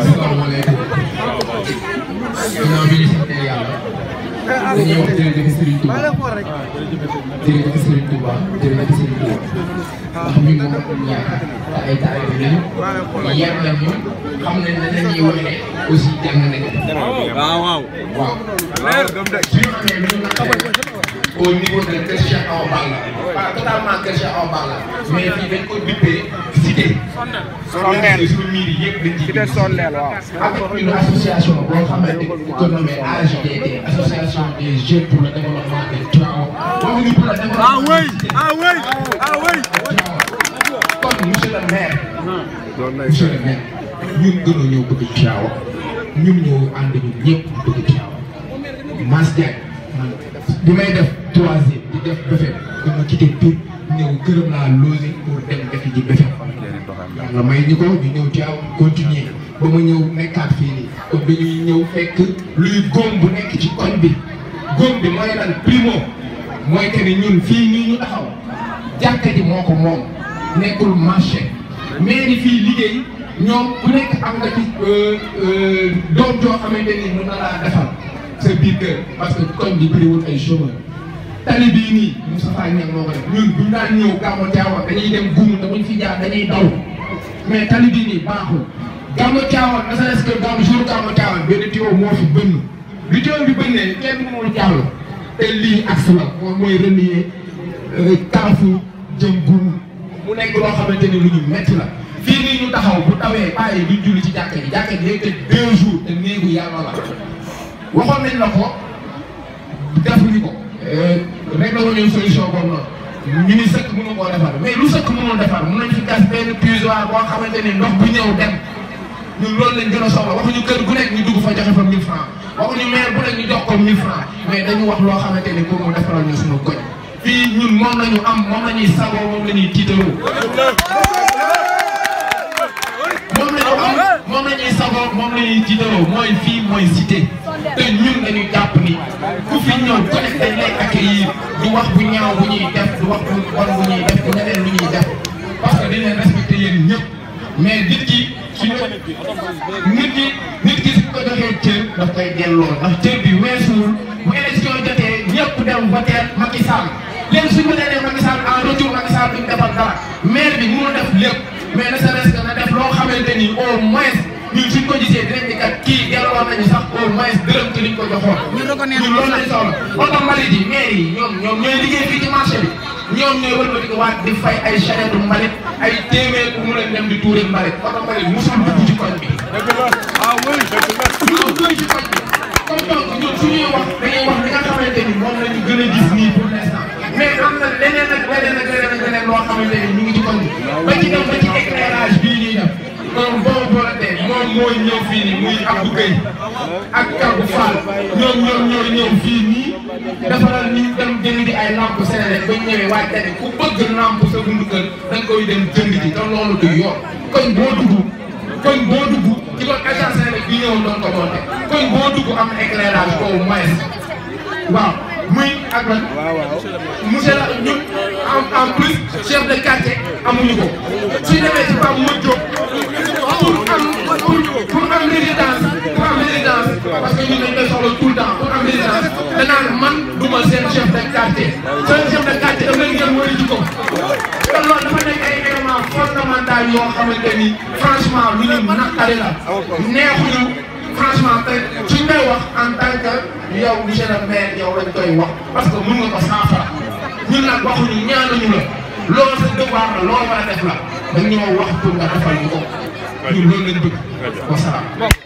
asalaamaaleykum. ginnaaw bi ñu sant yàlla. dañuy wax jërëjëf Serigne Touba. jërëjëf Serigne Touba jërëjëf Serigne Touba. ndax ñun moom am yaakaar te ay taal bi lañu. yar nañ ñu xam nañ ne dañuy wax ne aussi jàng nañu. waaw waaw. waaw. au niveau de Kër Cheikh Awa Balla pas totalement Kër Cheikh Awa Balla mais fii dañ ko dippee cité. sonneel suñu miir yi yëpp dañ ciy cité sonneel waaw. ak une association boo xamante ni ñu ko nommé AJDD association des jeunes pour le développement des Tivaouanes. boobu ñu pour le développement. ah oui ah oui ah oui. kon monsieur le maire. monsieur le maire ñun gënoon ñoo bëgg Tivaouanes ñun ñoo ànd ñun ñëpp bëgg Tivaouanes Mass Diagne man. bi may def troisième di def BFEM dama quitté Pire ñëw gërëm laa loose pour dem defi ji BFEM. yàlla may ñu ko ñu ñëw Thiaw continuer ba ma ñëw nekkaat fii nii kon dañuy ñëw fekk luy góom bu nekk ci koñ bi góom bi mooy lan primo mooy que ñun fii nii ñu taxaw jàkka ji moo ko moom nekkul marché mais ni fii liggéey ñoom ku nekk am nga ci euh, euh, doom joo xamante ni mën na laa defal. sa biir kër parce que koñ bi bëriwul ay chômeurs tali bii nii Moustapha Niang moo ko def ñun bu ñu daan ñëw gàmmu Tiwaawan dañuy dem guum te buñ fi jaar dañuy daw mais tali bii nii baaxul gàmmu Tiwaawan ne serait-ce que gàmmu jour gàmmu Tiwaawan benn tuyau moo fi bënn bi tuyau bi bënnee kenn mënul jàll te lii axe la moom mooy relier Kaafu euh, jëm guum mu nekk loo xamante ni lu ñu metti la fii nii ñu taxaw bu tawee bàyyi duñ julli ci jàkka ji jàkka ji day tëj deux jours te néegu yàlla la waxoon nañ la ko defuñu ko. Eh, réglé woon nañu solution boobu noonu ñu ni sëkk mënu koo defar mais lu sëkk mënul defar mën ni ndox bu ñëw dem ñun loolu lañ gën a soxla waxuñu kër gu ñu dugg fa joxe fa jox ko 1000 francs mais dañu wax loo xamante ni pour mu defaral ñu suñu koñ fii ñun moom lañu am moom la ñuy sagoo moom la tiitaroo. moom la fii mooy cité. te ñun dañuy jàpp ni ku fi ñëw ku nekk dañ lay du wax bu ñaaw bu ñuy def du wax bu bon bu ñuy def du ñeneen lu ñuy def parce que dañ leen respecté mais nit ki su ñu nit ki nit ki su ko joxee cër daf koy delloo ndax cër bi weesuwul bu élection jotee ñëpp dem voter Macky Sall léegi su ñu ko nee Macky Sall en retour Macky Sall duñ defal dara def lépp mais ne serait-ce na def loo xamante ni au moins. ñun suñ ko gisee dinañ ni kat kii delluwaat nañu sax au moins dërëm ci liñ ko joxoon. ñun loolu oto mbalit yi maire yi ñoom ñoom ñooy liggéey fii ci marché bi ñoom ñooy wëlbati ko waat di fay ay charette mbalit ay téeméer ku mu leen tuuri mbalit oto mbalit musul dugg ci koñ bi. dëgg la waaw oui dëgg la. musul dugg ci koñ bi comme donc ñun suñuy wax dañuy wax li nga ni moom lañu gën a gis nii pour l'instant mais am na leneen ak leneen ak leneen ak leneen loo ni ñu ngi ci koñ bi ba ci dem ba ci éclairage ñoom mooy ñëw fii nii muy Abdou Gueye ak Kaggu Fall ñoom ñoom ñooy ñëw fii nii defaral ñu dem jëndi ay lamp Sénégal ba ñu waaye tamit ku bëgg lamp sa bundu kër koy dem jënd ji te loolu du yoon koñ boo dugg koñ boo dugg ci kon agence Sénégal bi ñëwoon doon ko monté koñ boo dugg am éclairage au moins waaw muy ak man monsieur ñun en en plus chef de amuñu ko. parce que ñun dañ koy soxla tout le temps pour am résidence danaa man du ma seen chef de quartier seen chef de quartier daf leen gën war a jikko kon loolu dafa nekk ay élément fondamental yoo xamante ni franchement lu ñu naqari la neexuñu franchement tey suñ koy wax en tant que yow monsieur le maire yow lañ koy wax parce que mun nga ko saafara ñun nag waxuñu ñaanuñu la loolu sa devoir la loolu war a def la dañ ñoo wax pour nga defal ñu ko ñun loolu lañ bëgg wasalaam